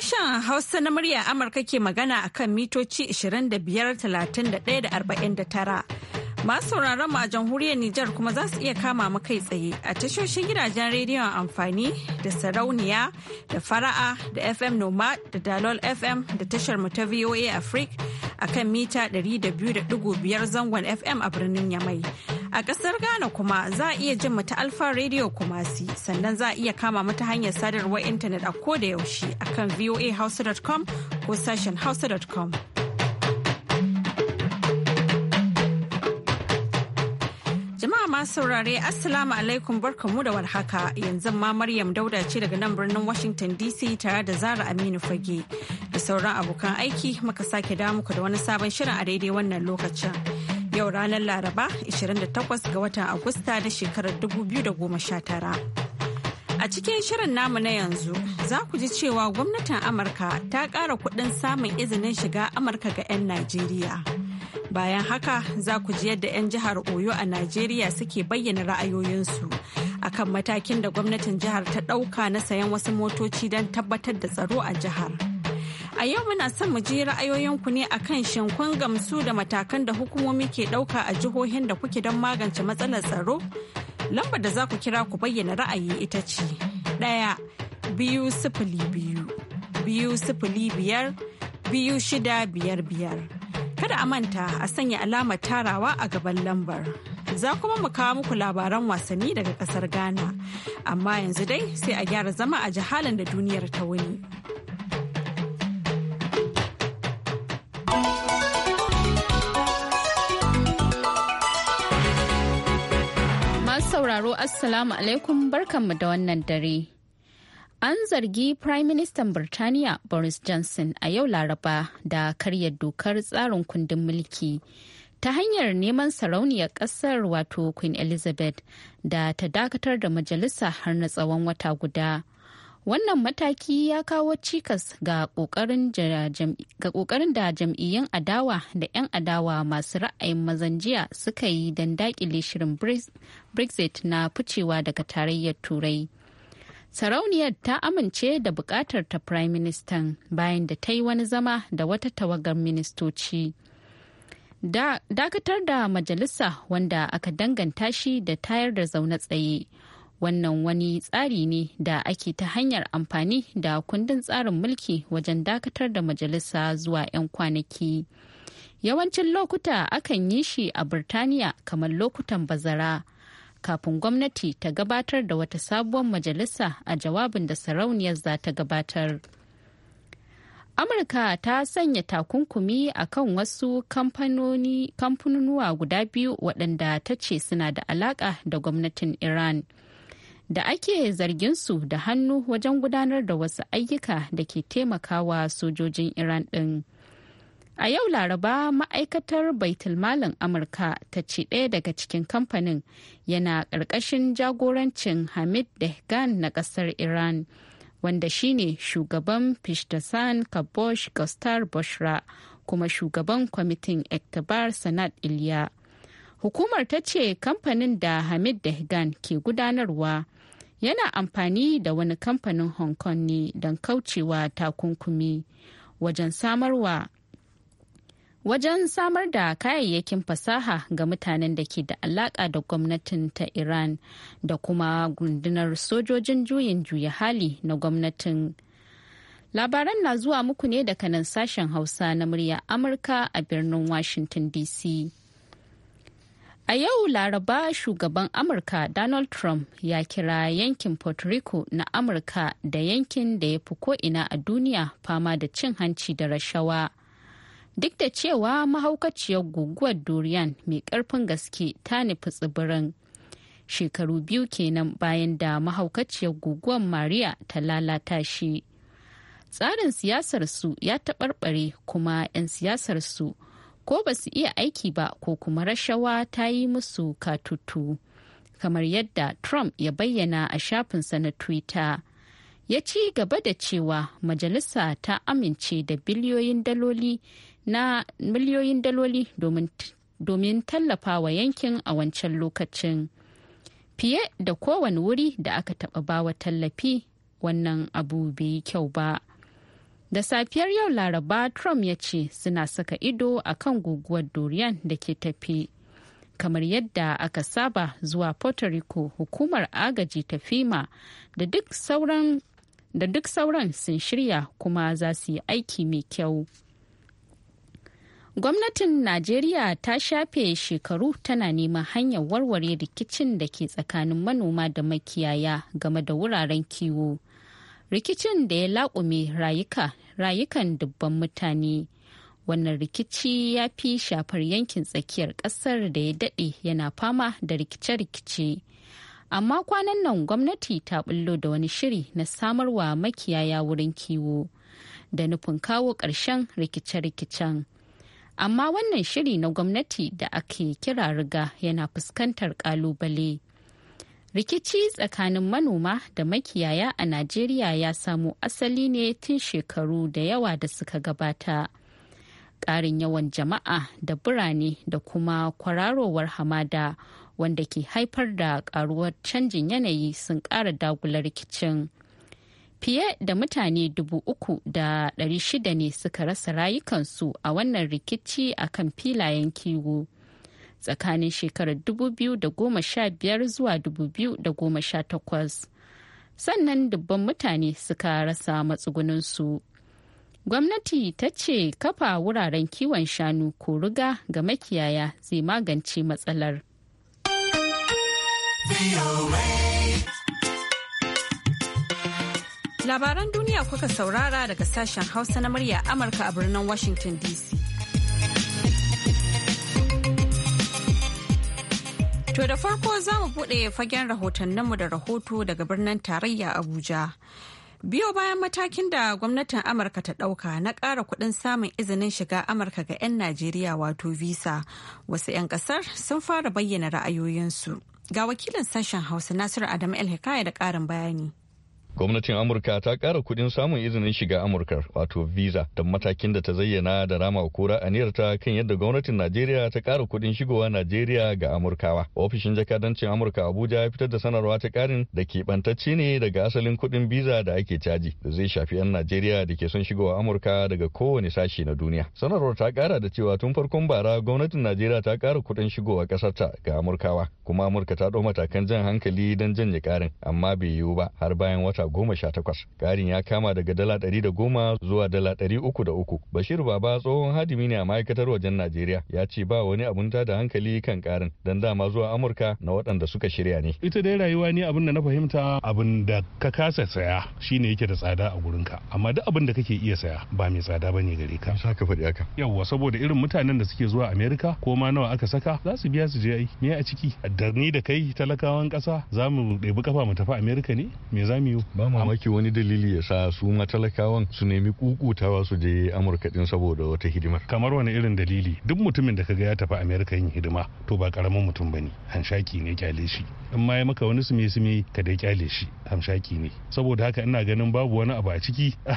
Sashen Hausa na murya Amurka ke magana a kan mitoci arba'in da tara Masu sauraron mu a jamhuriyar Nijar kuma za su iya kama mu kai tsaye a tashoshin gidajen rediyon amfani da sarauniya da fara'a da FM nomad da Dalol FM da tashar mu ta VOA Africa a kan mita 200.5 zangon FM a birnin Yamai. A ƙasar Ghana kuma za a iya jin mu ta Alfa Radio Kumasi sannan za a iya kama mata hanyar sadarwar intanet a ko da yaushe akan voahausa.com ko sashen hausa.com. Jama'a masu saurare Assalamu alaikum barkamu da warhaka yanzu ma Maryam Dauda ce daga nan birnin Washington DC tare da Zara Aminu Fage da sauran abokan aiki muka sake damu da wani sabon shirin a daidai wannan lokacin. Yau ranar Laraba 28 ga watan Agusta na shekarar 2019. A cikin shirin namu na yanzu za ku ji cewa gwamnatin Amurka ta ƙara kuɗin samun izinin shiga Amurka ga 'yan Najeriya. Bayan haka za ku ji yadda 'yan jihar Oyo a Najeriya suke bayyana ra'ayoyinsu akan matakin da gwamnatin jihar ta ɗauka na sayan wasu motoci don tabbatar da tsaro a jihar. A yau muna son mu ji ra'ayoyinku ne a kan kun gamsu da matakan da hukumomi ke ɗauka a jihohin da kuke don magance matsalar tsaro? Lambar da za ku kira ku bayyana ra'ayi ita ce ɗaya biyu sifili biyu biyu sifili biyar biyu shida biyar biyar. Kada a manta a sanya alamar tarawa a gaban lambar. za kuma mu kawo muku labaran wasanni daga ƙasar Ghana. Amma yanzu dai sai a gyara zama a jihalin da duniyar ta wuni. sauraro Assalamu alaikum barkanmu da wannan dare. An zargi Prime Minister Birtaniya Boris Johnson a yau Laraba da karya dokar tsarin kundin mulki ta hanyar neman sarauniyar kasar wato Queen Elizabeth da ta dakatar da majalisa har na tsawon wata guda. wannan mataki ya kawo cikas ga kokarin da jam'iyyun adawa da 'yan adawa masu ra'ayin mazanjiya suka yi don dakile shirin brexit na ficewa daga tarayyar turai sarauniyar ta amince da bukatar ta prime minister bayan da ta yi wani zama da wata tawagar ministoci dakatar da majalisa wanda aka danganta shi da tayar da zaune tsaye wannan wani tsari ne da ake ta hanyar amfani da kundin tsarin mulki wajen dakatar da majalisa zuwa 'yan kwanaki yawancin lokuta akan yi shi a birtaniya kamar lokutan bazara kafin gwamnati ta gabatar da wata sabuwar majalisa a jawabin da sarauniyar za ta gabatar amurka ta sanya takunkumi a kan wasu kamfanonuwa guda biyu waɗanda ta ce suna da alaƙa da gwamnatin iran da ake zargin su da hannu wajen gudanar da wasu ayyuka da ke taimakawa sojojin iran din. a yau laraba ma'aikatar baitulmalin amurka ta ci ɗaya daga cikin kamfanin yana ƙarƙashin jagorancin hamid dehgan na ƙasar iran wanda shine shugaban pishtasan kabosh gostar boshra kuma shugaban kwamitin ektabar sanat iliya Hukumar ta ce kamfanin da Hamid Dehgan ke gudanarwa yana amfani da wani kamfanin Hong Kong ne don kaucewa takunkumi wajen samarwa wajen samar da kayayyakin fasaha ga mutanen da ke da alaka da gwamnatin ta Iran da kuma gundunar sojojin juyin juya hali na gwamnatin. Labaran na zuwa muku ne daga nan sashen Hausa na murya Amurka a birnin Washington DC. A yau Laraba shugaban Amurka Donald Trump ya kira yankin Puerto Rico na Amurka da yankin da ya fi ko'ina a duniya fama da cin hanci da rashawa. Duk da cewa mahaukaciyar guguwar Durian mai ƙarfin gaske ta nufi tsibirin. Shekaru biyu kenan bayan da mahaukaciyar guguwar Maria ta lalata shi. Tsarin siyasarsu ya taɓarɓare kuma 'yan siyasarsu su ko ba su iya aiki ba ko kuma rashawa ta yi musu katutu kamar yadda trump ya bayyana a shafinsa na twitter ya ci gaba da cewa majalisa ta amince da biliyoyin daloli na miliyoyin daloli domin tallafa wa yankin a wancan lokacin fiye da kowane wuri da aka taɓa bawa tallafi wannan abu bai kyau ba Da safiyar yau Laraba Trump ya ce suna saka ido a kan guguwar Dorian da ke tafi. Kamar yadda aka saba zuwa Puerto Rico hukumar agaji ta FEMA da duk sauran sun shirya kuma za su yi aiki mai kyau. Gwamnatin Najeriya ta shafe shekaru tana neman hanyar warware rikicin da ke tsakanin manoma da makiyaya game da wuraren kiwo. rikicin da ya laƙume rayuka rayukan dubban mutane wannan rikici ya fi shafar yankin tsakiyar ƙasar da ya daɗe yana fama da rikice-rikice amma kwanan nan gwamnati ta bullo da wani shiri na samarwa makiyaya wurin kiwo da nufin kawo ƙarshen rikice-rikicen amma wannan shiri na gwamnati da ake kira riga yana fuskantar ƙalubale rikici tsakanin manoma da makiyaya a najeriya ya samo asali ne tun shekaru da yawa da suka gabata ƙarin yawan jama'a da birane da kuma kwararowar hamada wanda ke haifar da ƙaruwar canjin yanayi sun ƙara dagula rikicin fiye da mutane dubu uku da ɗari shida ne suka rasa rayukansu a wannan rikici akan filayen kiwo tsakanin shekarar 2015 zuwa 2018 sannan dubban mutane suka rasa matsugunansu. Gwamnati ta ce kafa wuraren kiwon shanu ko riga ga makiyaya zai magance matsalar. Labaran duniya kuka saurara daga sashen Hausa na murya Amurka a birnin Washington DC. To da farko za mu buɗe fagen rahotanninmu da rahoto daga birnin tarayya Abuja. Biyo bayan matakin da gwamnatin Amurka ta ɗauka na ƙara kuɗin samun izinin shiga Amurka ga 'yan Najeriya wato visa, wasu 'yan ƙasar sun fara bayyana ra'ayoyinsu. Ga wakilin sashen Hausa Nasiru Adamu El da ƙarin bayani. Gwamnatin Amurka ta ƙara kudin samun izinin shiga Amurka wato visa da matakin da ta zayyana da rama kura ta kan yadda gwamnatin Najeriya ta kara kudin shigowa Najeriya ga Amurkawa. Ofishin jakadancin Amurka Abuja ya fitar da sanarwa ta karin da keɓantacce ne daga asalin kudin visa da ake caji da zai shafi 'yan Najeriya da ke son shigowa Amurka daga kowane sashi na duniya. Sanarwar ta kara da cewa tun farkon bara gwamnatin Najeriya ta kara kudin shigowa ƙasarta ga Amurkawa kuma Amurka ta ɗau matakan jan hankali don janye ƙarin amma bai yiwu ba har bayan wata goma sha takwas ƙarin ya kama daga dala ɗari da goma zuwa dala ɗari uku da uku bashir baba tsohon hadimi ne a ma'aikatar wajen najeriya ya ce ba wani abun da hankali kan karin dan dama zuwa amurka na waɗanda suka shirya ne ita dai rayuwa ne abin da na fahimta abin da ka kasa saya shine yake da tsada a gurin ka amma duk abin da kake iya saya ba mai tsada bane gare ka ka faɗi haka yawwa saboda irin mutanen da suke zuwa Amerika ko ma nawa aka saka za su biya su je ai me a ciki da ni da kai talakawan ƙasa za mu ɗebi kafa mu tafi Amerika ne me za mu yi ba mamaki wani dalili ya sa su matalakawan su nemi kukutawa su je amurka din saboda wata hidimar kamar wani irin dalili duk mutumin da kaga ya tafi amerika yin hidima to ba karamin mutum bane hanshaki ne kyale shi in ma ya maka wani sume sume ka dai kyale shi hamshaki ne saboda haka ina ganin babu wani abu a ciki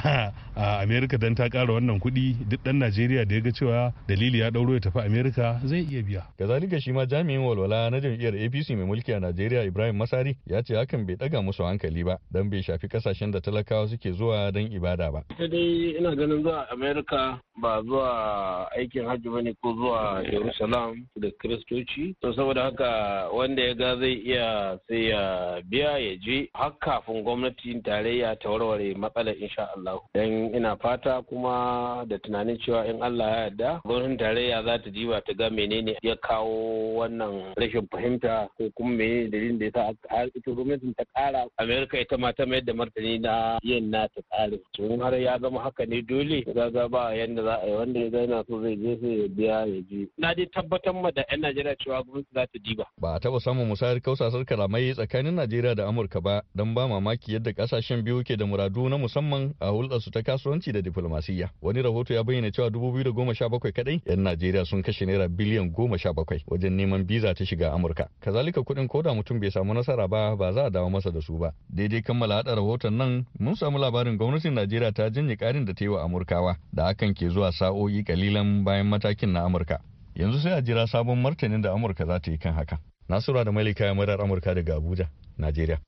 a amerika dan ta kara wannan kuɗi duk dan najeriya da ya ga cewa dalili ya ɗauro ya tafi amerika zai iya biya kazalika shi ma jami'in walwala na jam'iyyar apc mai mulki a najeriya ibrahim masari ya ce hakan bai ɗaga musu hankali ba dan bai shafi kasashen da talakawa suke zuwa don ibada ba. Ita dai ina ganin zuwa Amerika ba zuwa aikin hajji ba ne ko zuwa Jerusalem da Kiristoci. To saboda haka wanda ya ga zai iya sai ya biya ya je har kafin gwamnatin tarayya ta warware matsalar insha Allah. Dan ina fata kuma da tunanin cewa in Allah ya yarda gwamnatin tarayya za ta diba ta ga menene ya kawo wannan rashin fahimta ko kuma menene dalilin da ya sa ita gwamnatin ta kara Amerika ita ma ta mayar da martani na yin ta tsari tun har ya zama haka ne dole ga ba yadda za a yi wanda ya na so zai je sai ya biya ya je na dai tabbatar ma da yan najeriya cewa gwamnati za ta diba ba a taba samun musayar kausasar kalamai tsakanin najeriya da amurka ba don ba mamaki yadda kasashen biyu ke da muradu na musamman a hulɗar su ta kasuwanci da diflomasiyya wani rahoto ya bayyana cewa goma sha bakwai kadai yan najeriya sun kashe naira biliyan goma sha bakwai wajen neman biza ta shiga amurka kazalika kuɗin koda mutum bai samu nasara ba ba za a dawo masa da su ba daidai kammala hada rahoton nan mun samu labarin gwamnatin Najeriya ta janye karin da ta yi wa Amurkawa da hakan ke zuwa sa'o'i kalilan bayan matakin na Amurka. Yanzu sai a jira sabon martanin da Amurka za ta yi kan haka. Nasura da Malika ya murar Amurka daga Abuja, Najeriya.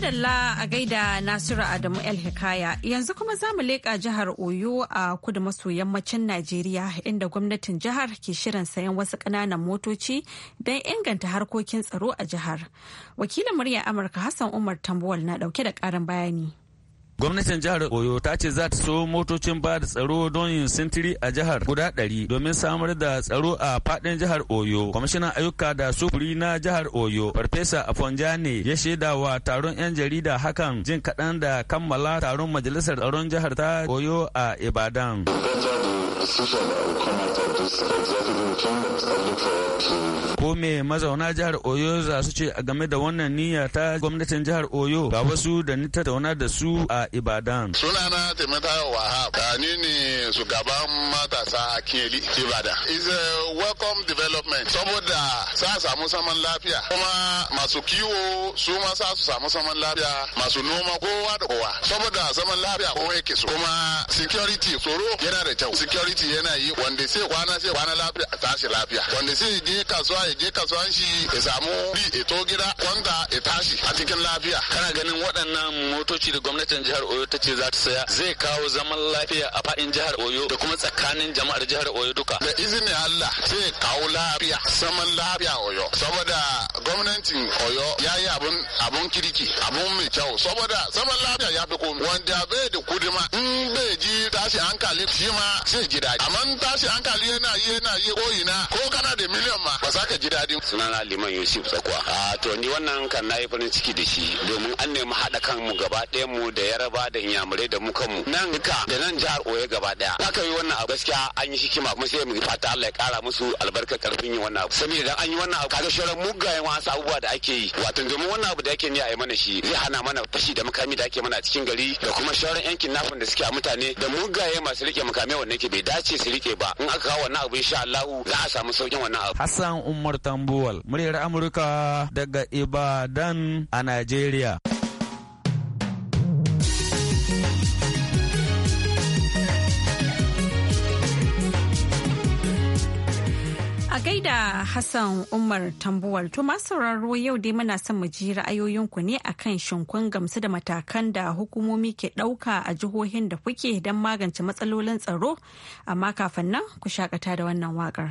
madalla a gaida Nasiru Adamu El Hikaya yanzu kuma za mu leƙa jihar Oyo a kudu maso yammacin Najeriya inda gwamnatin jihar ke shirin sayan wasu ƙananan motoci don inganta harkokin tsaro a jihar. Wakilin muryar Amurka Hassan Umar Tambuwal na ɗauke da ƙarin bayani. Gwamnatin jihar Oyo ta ce za ta so motocin ba da tsaro don yin sintiri a jihar guda ɗari domin samar da tsaro a faɗin jihar Oyo. Kwamishinan ayyuka da sufuri na jihar Oyo, Farfesa Afonjani, ya shaida wa taron 'yan jarida hakan jin kaɗan da kammala taron majalisar tsaron jihar ta Oyo a Ibadan. Ko me mazauna jihar Oyo za su ce a game da wannan niyya ta gwamnatin jihar Oyo ga wasu da ni tattauna da su a Ibadan. Sunana Taimata Wahab, ni ne shugaban matasa a Kiyeli, Ibadan. Is a welcome development saboda sa samu saman lafiya kuma masu kiwo su ma sa su samu saman lafiya masu noma kowa da kowa saboda saman lafiya kowa yake so kuma security tsoro yana da kyau. Security security yana yi wanda sai kwana sai kwana lafiya tashi lafiya wanda sai je kasuwa ya je kasuwa shi ya samu bi ya to gida kwanta ya tashi a cikin lafiya kana ganin waɗannan motoci da gwamnatin jihar Oyo ta ce za ta saya zai kawo zaman lafiya a faɗin jihar Oyo da kuma tsakanin jama'ar jihar Oyo duka da izinin Allah zai kawo lafiya zaman lafiya Oyo saboda gwamnatin Oyo ya yi abun abun kirki abun mai kyau saboda zaman lafiya ya fi komai wanda bai da kudima in bai ji tashin hankali shi ma zai ji daɗi amma tashin hankali yana yi je ko ko kana da miliyan ma ba za ka ji daɗi. sunana liman yusuf tsakwa a to ni wannan kan nayi farin ciki da shi domin an nemi haɗa mu gaba ɗaya mu da yaraba da inyamurai da mu kanmu nan ka da nan jihar oye gaba ɗaya ka yi wannan abu gaskiya an yi hikima kuma sai mu fata Allah ya ƙara musu albarka karfin yin wannan abu saboda idan an yi wannan abu kaga shoran mugayen wasu abubuwa da ake yi wato domin wannan abu da ake ni a yi mana shi zai hana mana fashi da makami da ake mana a cikin gari da kuma shoran yankin nafin da suke a mutane da mugaye masu rike makamai wannan ke bai dace su rike ba in aka kawo wannan abu insha Allahu za a samu saukin wannan abu. Hassan Umar Tambuwal, muryar Amurka daga Ibadan a Najeriya. a gaida Hassan Umar Tambuwal to masu sauraro yau dai muna son mu ji ra'ayoyinku ne akan shinkun gamsu da matakan da hukumomi ke ɗauka a jihohin da kuke don magance matsalolin tsaro amma kafin nan ku shakata da wannan waƙar.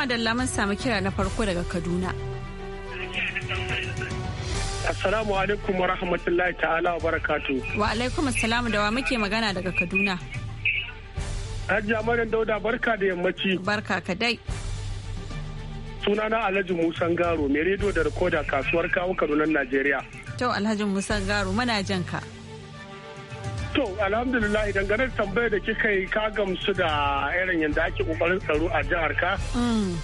madalla mun samu kira na farko daga Kaduna. Assalamu alaikum wa rahmatullahi ta'ala wa barakatu. Wa alaikum assalamu da wa muke magana daga Kaduna. Hajji Amarin Dauda barka da yammaci. Barka ka dai. Sunana Alhaji Musan Garo, mai rediyo da rikoda kasuwar kawo Kaduna Najeriya. To Alhaji Musan Garo, muna jan ka. To alhamdulillah idan gane tambayar da kika yi ka gamsu da irin yadda ake kokarin tsaro a jihar ka. Mm.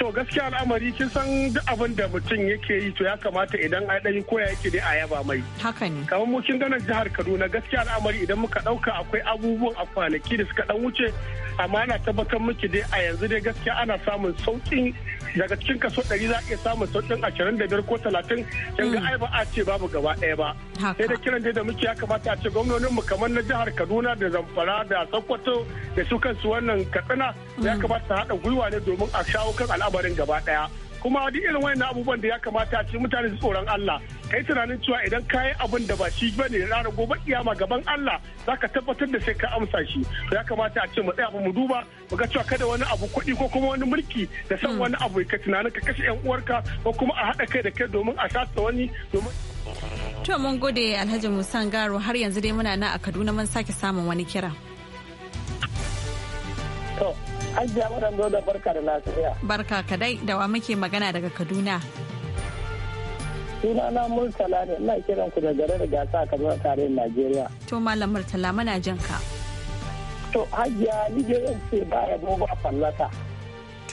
To gaskiya al'amari kin san duk abin da mutum yake yi to ya kamata idan a ɗan ya yake dai a yaba mai. Haka ne. Kamar mu kin gane jihar Kaduna gaskiya al'amari idan muka ɗauka akwai abubuwan a kwanaki da suka ɗan wuce amma ana tabbatar miki dai a yanzu dai gaskiya ana samun sauƙin daga cikin kaso ɗari za a iya samun sauƙin ashirin da biyar ko talatin yan ga hmm. ai ba a ce babu gaba ɗaya ba sai da kiran dai da muke ya kamata a ce gwamnonin mu kamar na jihar Kaduna da Zamfara da Sokoto da su kansu wannan Katsina ya hmm. kamata haɗa gwiwa ne domin a shawo kan al'amarin gaba ɗaya. kuma duk irin wayan abubuwan da ya kamata ce mutane su tsoron Allah kai tunanin cewa idan ka yi abin da ba shi bane ranar gobe kiyama gaban Allah za ka tabbatar da sai ka amsa shi ya kamata a ce mu tsaya mu duba mu ga cewa kada wani abu kuɗi ko kuma wani mulki da san hmm. wani abu ka tunanin ka kashe yan uwarka ko kuma a haɗa kai da kai domin a sasa wani domin To mun gode Alhaji Musan Garo har yanzu dai muna na a Kaduna mun sake samun wani kira. Ajiya waɗanda da barka da lafiya. Barka kadai da wa muke magana daga Kaduna. Sunana Murtala ne ina kiran ku da garin gasa a Kaduna tarihin Najeriya. To Malam Murtala muna jin ka. To Hajiya ni dai ce ba bo ba fallata.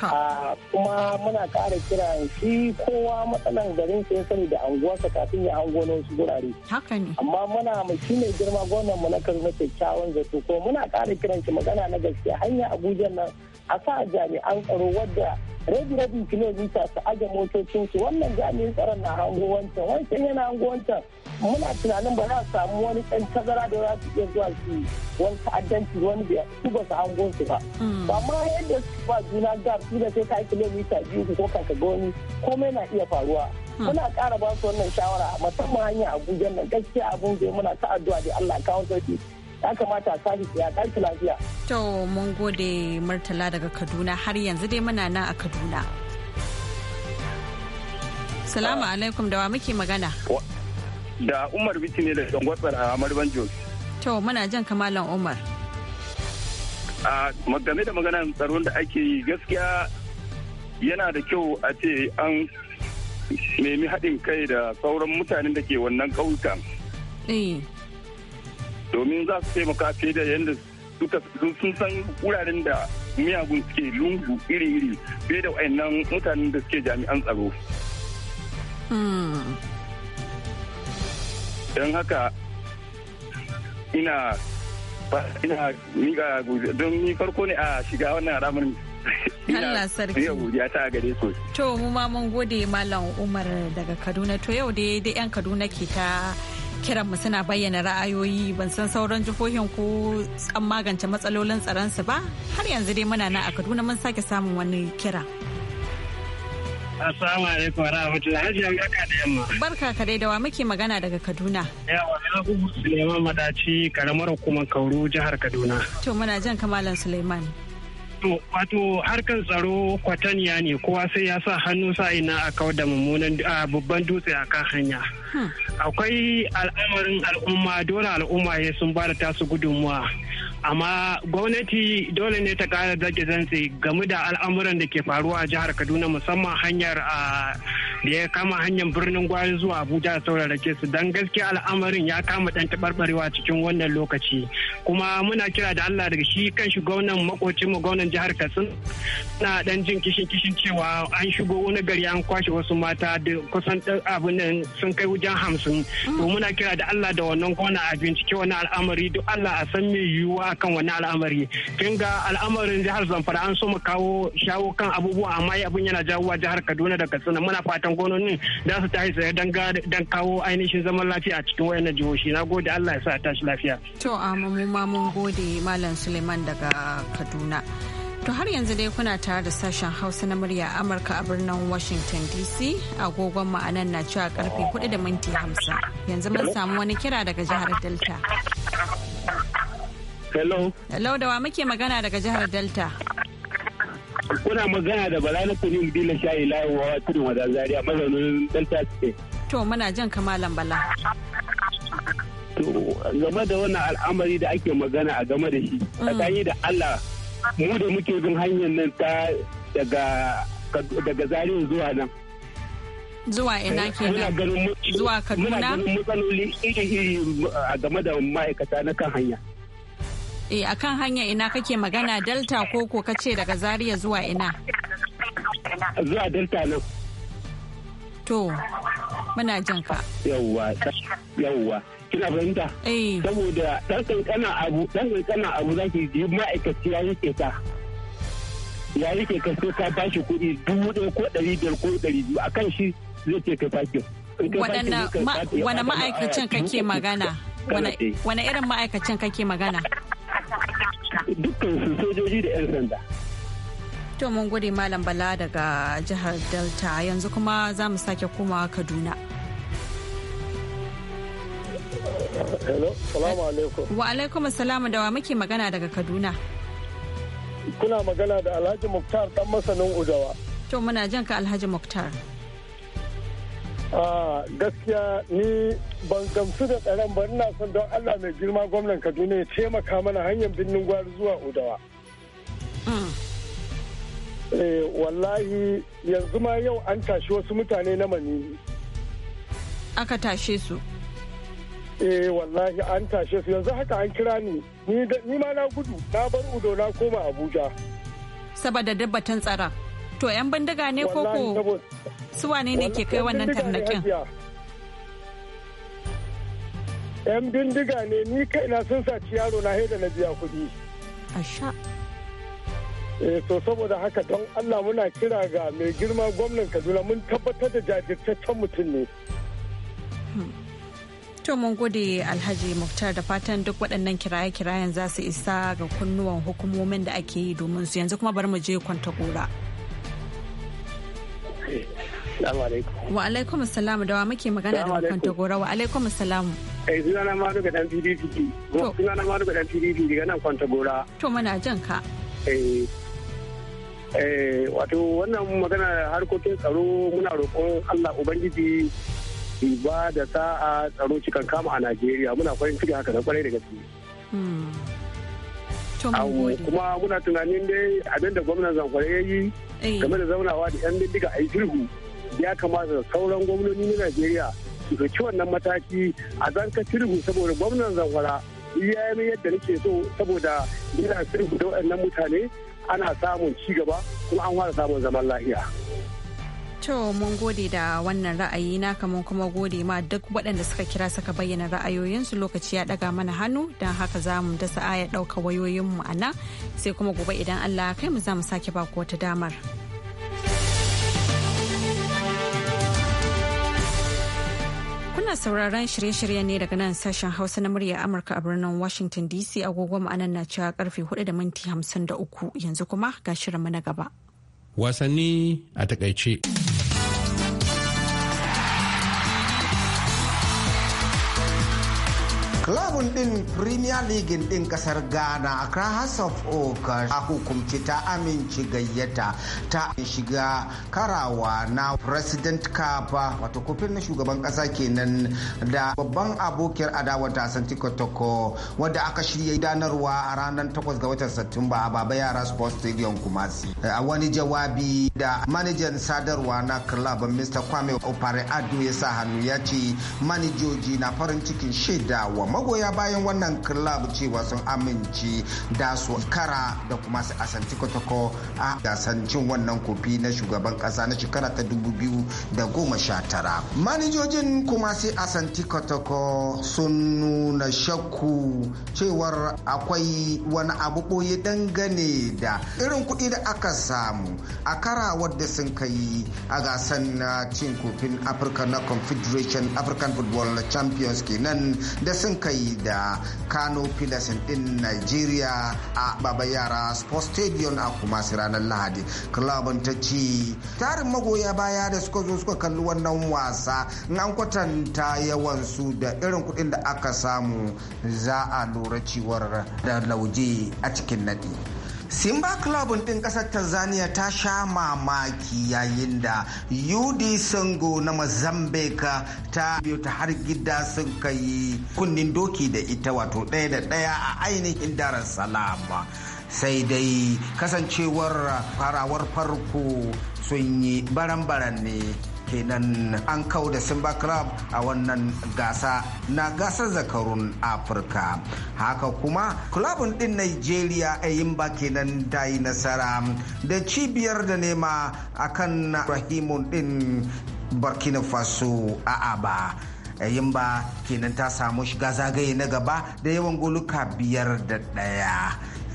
Ah, kuma muna kara kiran shi kowa matsalan garin sai sani da anguwarsa kafin ya hango na wasu gurare. Haka ne. Amma muna mu shi ne girma gwamnan mu na Kaduna kyakkyawan zato ko muna kara kiran shi magana na gaskiya hanya Abuja nan a sa jami'an tsaro wadda rabi rabi kilomita su aje su wannan jami'in tsaron na hango wancan wancan yana hango wancan muna tunanin ba za a samu wani ɗan tazara da za su iya zuwa su wani ta'addanci wani da su ba su hango su ba hmm. ba ma yadda su ba juna gar su da sai ka kilomita biyu ko ka ga wani komai na iya faruwa hmm. muna ƙara ba su wannan shawara musamman hanya abuja nan gaskiya abun da muna ta addu'a da allah kawo sauki ya kamata a tashi ya tashi lafiya. To mun gode Murtala daga Kaduna har yanzu dai muna nan a Kaduna. Salamu ah. alaikum da wa muke magana. Da Umar Bici ne da Gwatsar a Marban Jos. To muna jan kamalan Umar. A game da maganar tsaron da ake yi gaskiya yana da kyau a ce an nemi haɗin kai da sauran mutanen da ke wannan ƙauyukan. Eh. domin za su taimaka fiye da yadda duka sun san wuraren da miyagun suke lungu iri-iri fiye da wayannan mutanen da suke jami'an tsaro. Don haka ina ina miƙa don ni farko ne a shiga wannan ramin Allah sarki. godiya ta gare su. To mu ma mun gode Malam Umar daga Kaduna to yau dai da 'yan Kaduna ke ta kiran mu suna bayyana ra'ayoyi ban san sauran jihohin ko an magance matsalolin tsaron su ba har yanzu dai muna na a kaduna mun sake samun wani kira. Assalamu alaikum rahmatullahi an barka da yamma. Barka ka dai dawa muke magana daga Kaduna. Yawa Yakubu Suleiman Madaci karamar hukumar Kauru jihar Kaduna. To muna jan kamalan Suleiman. wato harkar tsaro kwataniya ne kowa sai ya sa hannu ina a kawar da mummunan babban dutse a kan hanya hmm. akwai al'amarin al'umma dole al'umma ya sun ba da tasu gudunmuwa amma gwamnati dole ne ta kara zage zantse game da al'amuran da ke faruwa a jihar kaduna musamman hanyar a da ya kama hanyar birnin gwari zuwa abuja a saurarake su don gaskiya al'amarin ya kama dan taɓarɓarewa cikin wannan lokaci kuma muna kira da allah daga shi kan shi gwamnan makocin mu gwamnan jihar katsina na dan jin kishin kishin cewa an shigo wani gari an kwashe wasu mata da kusan abin nan sun kai wajen hamsin to muna kira da allah da wannan gwamna a bincike wani al'amari duk allah a san me yiwuwa kan wani al'amari kin ga al'amarin jihar zamfara an so mu kawo shawo kan abubuwa amma abin yana jawowa jihar kaduna da katsina muna fatan wayannan da su tashi tsaye don kawo ainihin zaman lafiya a cikin wayannan jihohi na gode Allah ya sa tashi lafiya to mu ma mun gode malam Suleiman daga Kaduna To har yanzu dai kuna tare da sashen Hausa na murya Amurka a birnin Washington DC agogon ma'anan na cewa karfe 4 da minti 50. Yanzu mun samu wani kira daga jihar Delta. Hello. Hello da wa muke magana daga jihar Delta? Kuna magana da Bala na Kunim Dila Shayi wa Tudun Wada Zaria mazaunin Delta sike. To muna jan kamalan Bala. To game da wannan al'amari da ake magana a game da shi mm. tsakani da Allah mu da muke bin hanyar nan ta daga daga Zaria zuwa nan. zuwa ina eh, nan zuwa kaduna muna ganin matsaloli iri-iri a game da ma'aikata na kan hanya Eh kan hanya ina kake magana Delta ko ko kace daga Zaria zuwa ina? Zuwa Delta nan. To muna jin ka. Yawwa yawwa kina fahimta? Eh. Saboda dan kankana abu dan kankana abu zaki ji ma'aikaci ya rike ta. Ya rike ka sai ka bashi kuɗi dubu ɗaya ko ɗari biyar ko ɗari biyu akan shi zai ce ka fakin. Waɗanne ma'aikacin kake magana? wane irin ma'aikacin kake magana dukkan su sojoji da 'yan sanda to mun gode malam bala daga jihar delta yanzu kuma za mu sake komawa kaduna Hello, salamu alaikum. Wa alaikum salamu da wa muke magana daga Kaduna. Kuna magana da Alhaji Muktar dan masanin Udawa. To muna jan ka Alhaji Muktar. gaskiya ni ban gamsu da tsaron ba ina son don Allah mai girma gwamnan Kaduna ya taimaka mana hanyar birnin gwari zuwa Udawa. Mm. Eh, wallahi yanzu ma yau an tashi wasu mutane na manini. Aka tashe su. Eh wallahi an tashe su yanzu haka an kira ni ni ma na gudu na bar udo na koma Abuja. Saboda dabbatan tsara. to 'yan bindiga ne ko ko su wane ne ke kai wannan tarnakin yan bindiga ne ni kaina sun saci yaro na haida na biya kuɗi asha eh to saboda haka don Allah muna kira ga mai girma gwamnan Kaduna mun tabbatar da jajirtaccen mutum ne hmm. To mun gode Alhaji Muftar da fatan duk waɗannan kiraye-kirayen za su isa ga kunnuwan hukumomin da ake yi domin su yanzu kuma bari mu je kwanta gora. Assalamu alaikum. Wa alaikum assalam da wa muke magana da kan Tagora wa alaikum assalam. Eh suna na ma ga dan PDP. Suna na ma ga dan PDP daga nan Kwanta Gora. To muna jan ka. Eh eh wato wannan magana harkokin tsaro muna roƙon Allah ubangiji ba da sa'a tsaro cikan kama a Najeriya muna farin ciki haka da kwarai da gaske. Hmm. kuma muna tunanin dai abinda gwamnan zamfara ya yi eh. game da zaunawa da yan bindiga a yi sulhu ya kamata sauran gwamnoni na najeriya su ɗauki wannan mataki a zanka sulhu saboda gwamnan zanwara ya yi yadda nake so saboda yana sulhu da waɗannan mutane ana samun ci gaba kuma an fara samun zaman lafiya. To mun gode da wannan ra'ayi na kamar kuma gode ma duk waɗanda suka kira suka bayyana ra'ayoyinsu lokaci ya ɗaga mana hannu don haka za mu dasa aya ɗauka wayoyinmu a nan sai kuma gobe idan Allah kai mu za mu sake ba wata damar. Kuna sauraron shirye-shiryen ne daga nan sashen Hausa na murya Amurka a birnin Washington DC agogo ma'anan na cewa karfe 4 da minti 53 yanzu kuma ga shirinmu na gaba. Wasanni a takaice. Kulabun din Premier League din kasar Ghana Accra House of Oak a hukumci ta aminci gayyata ta shiga karawa na President Cup wato kofin na shugaban kasa kenan da babban abokiyar adawar tasan Tikotoko wadda aka shirya gudanarwa a ranar 8 ga watan Satumba a Baba Yara Sports Stadium Kumasi. A wani jawabi da manajan sadarwa na club Mr. Kwame Opare Ado ya sa hannu ya ce manijoji na farin cikin shaida wa magoya magoya bayan wannan club cewa sun amince da su kara da kuma su asanci kotoko a gasan cin wannan kofi na shugaban kasa na shekara ta da 2019 manijojin kuma sai asanti kotoko sun nuna shakku cewar akwai wani abu boye dangane da irin kuɗi da aka samu a kara wadda sun kai a gasan na cin kofin afirka na confederation african football champions kenan da sun kai da kano pilas din nigeria a baba yara sports stadium a kumasi ranar lahadi club ta ce tarin magoya baya da suka zo suka kalli wannan wasa in an kwatanta yawan su da irin kudin da aka samu za a lura cewar da lauje a cikin nadi simba club ɗin ƙasar tanzania ta sha mamaki yayin da ud sango na mozambique ta biyo ta har gida sun kai kunnin doki da ita wato ɗaya da ɗaya a ainihin darar salama sai dai kasancewar farawar farko sun yi baran-baran ne kenan an kau da simba club a wannan gasa na gasar zakarun afirka haka kuma kulabun din nigeria a yimba kenan ta yi nasara da cibiyar da nema a kan rahimun din burkina faso a aba yin ba kenan ta samu shiga zagaye na gaba da yawan goluka biyar da ɗaya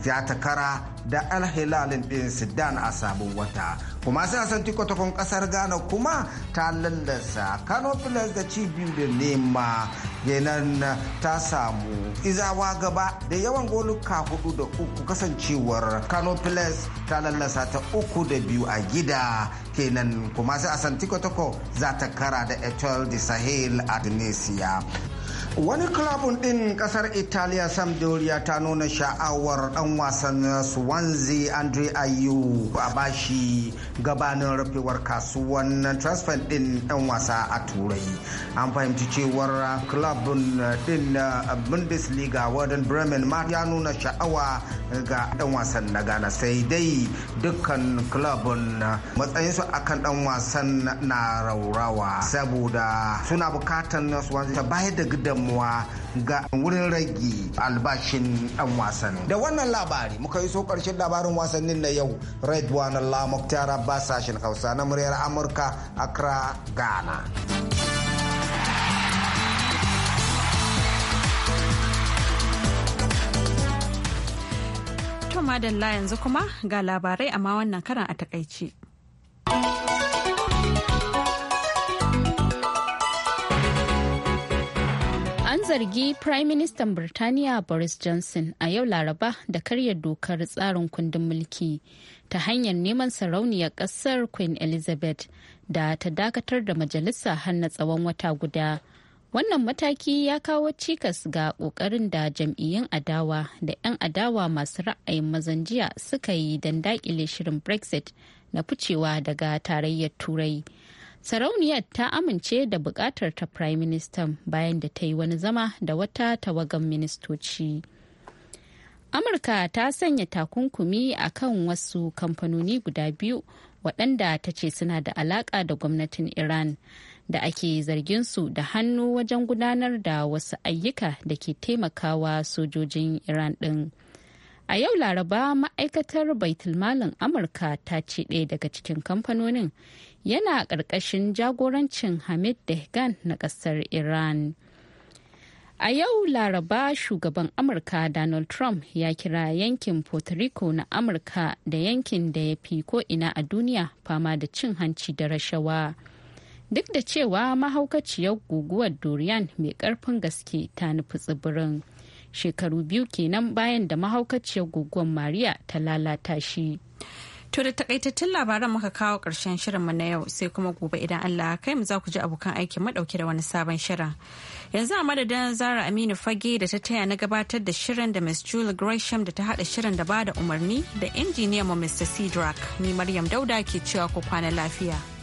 Ya ta kara da alhilalin ɗin sudan a sabon wata kuma sai a ta kasar ghana kuma ta lallasa kano plus da cibiyu biyu da nema yanan ta samu izawa gaba da yawan goluka hudu da uku kasancewar kano plus ta lallasa ta uku da biyu a gida kenan kuma sai tiko tako za ta kara da etel de sahel a wani klabun din kasar italiya sampdoria ta nuna sha'awar dan wasan swansea andre ayew a bashi gabanin rufewar kasuwan transfer din dan wasa a turai an fahimci cewar klabun din uh, bundesliga warden bremen ma ya nuna sha'awa ga dan wasan na ghana sai dai dukkan klabun uh, matsayinsu akan dan wasan na raurawa saboda suna bukatan swansea ta bayar da gidan damuwa ga wurin rage albashin dan wasan da wannan labari muka yi so karshen labarin wasannin na yau red one la ba sashen hausa na muryar amurka accra ghana madalla yanzu kuma ga labarai amma wannan karan a takaice. zargi Prime Minister Birtaniya Boris Johnson a yau Laraba da karya dokar tsarin kundin mulki ta hanyar neman sarauniyar kasar Queen Elizabeth da ta dakatar da majalisa har na tsawon wata guda. Wannan mataki ya kawo cikas ga kokarin da jam'iyyun adawa da 'yan adawa masu ra'ayin mazan jiya suka yi don daƙile shirin Brexit na ficewa daga tarayyar Turai. sarauniyar ta amince da bukatar ta prime minister bayan da ta yi wani zama da wata tawagan ministoci amurka ta sanya takunkumi a kan wasu kamfanoni guda biyu waɗanda ta ce suna da alaƙa da gwamnatin iran da ake zargin su da hannu wajen gudanar da wasu ayyuka da ke taimakawa sojojin iran ɗin. A yau Laraba ma'aikatar Baitulmalin Amurka ta ce ɗaya daga cikin kamfanonin yana ƙarƙashin jagorancin Hamid Dehgan na ƙasar Iran. A yau Laraba shugaban Amurka Donald Trump ya kira yankin Puerto Rico na Amurka da yankin da ya fi ko'ina a duniya fama da cin hanci da rashawa. Duk da cewa mahaukaciyar guguwar Dorian mai ƙarfin gaske ta nufi tsibirin. shekaru biyu kenan bayan da mahaukaciyar guguwar Maria ta lalata shi. To da takaitattun labaran muka kawo ƙarshen mu na yau sai kuma gobe idan Allah kai mu za ku ji abokan aikin madauke da wani sabon shirin. Yanzu a madadin Zara Aminu Fage da ta taya na gabatar da shirin da Miss Julie Gresham da ta hada shirin da bada umarni da injiniyan mu Mr. Cedric ni Maryam Dauda ke cewa ku kwana lafiya.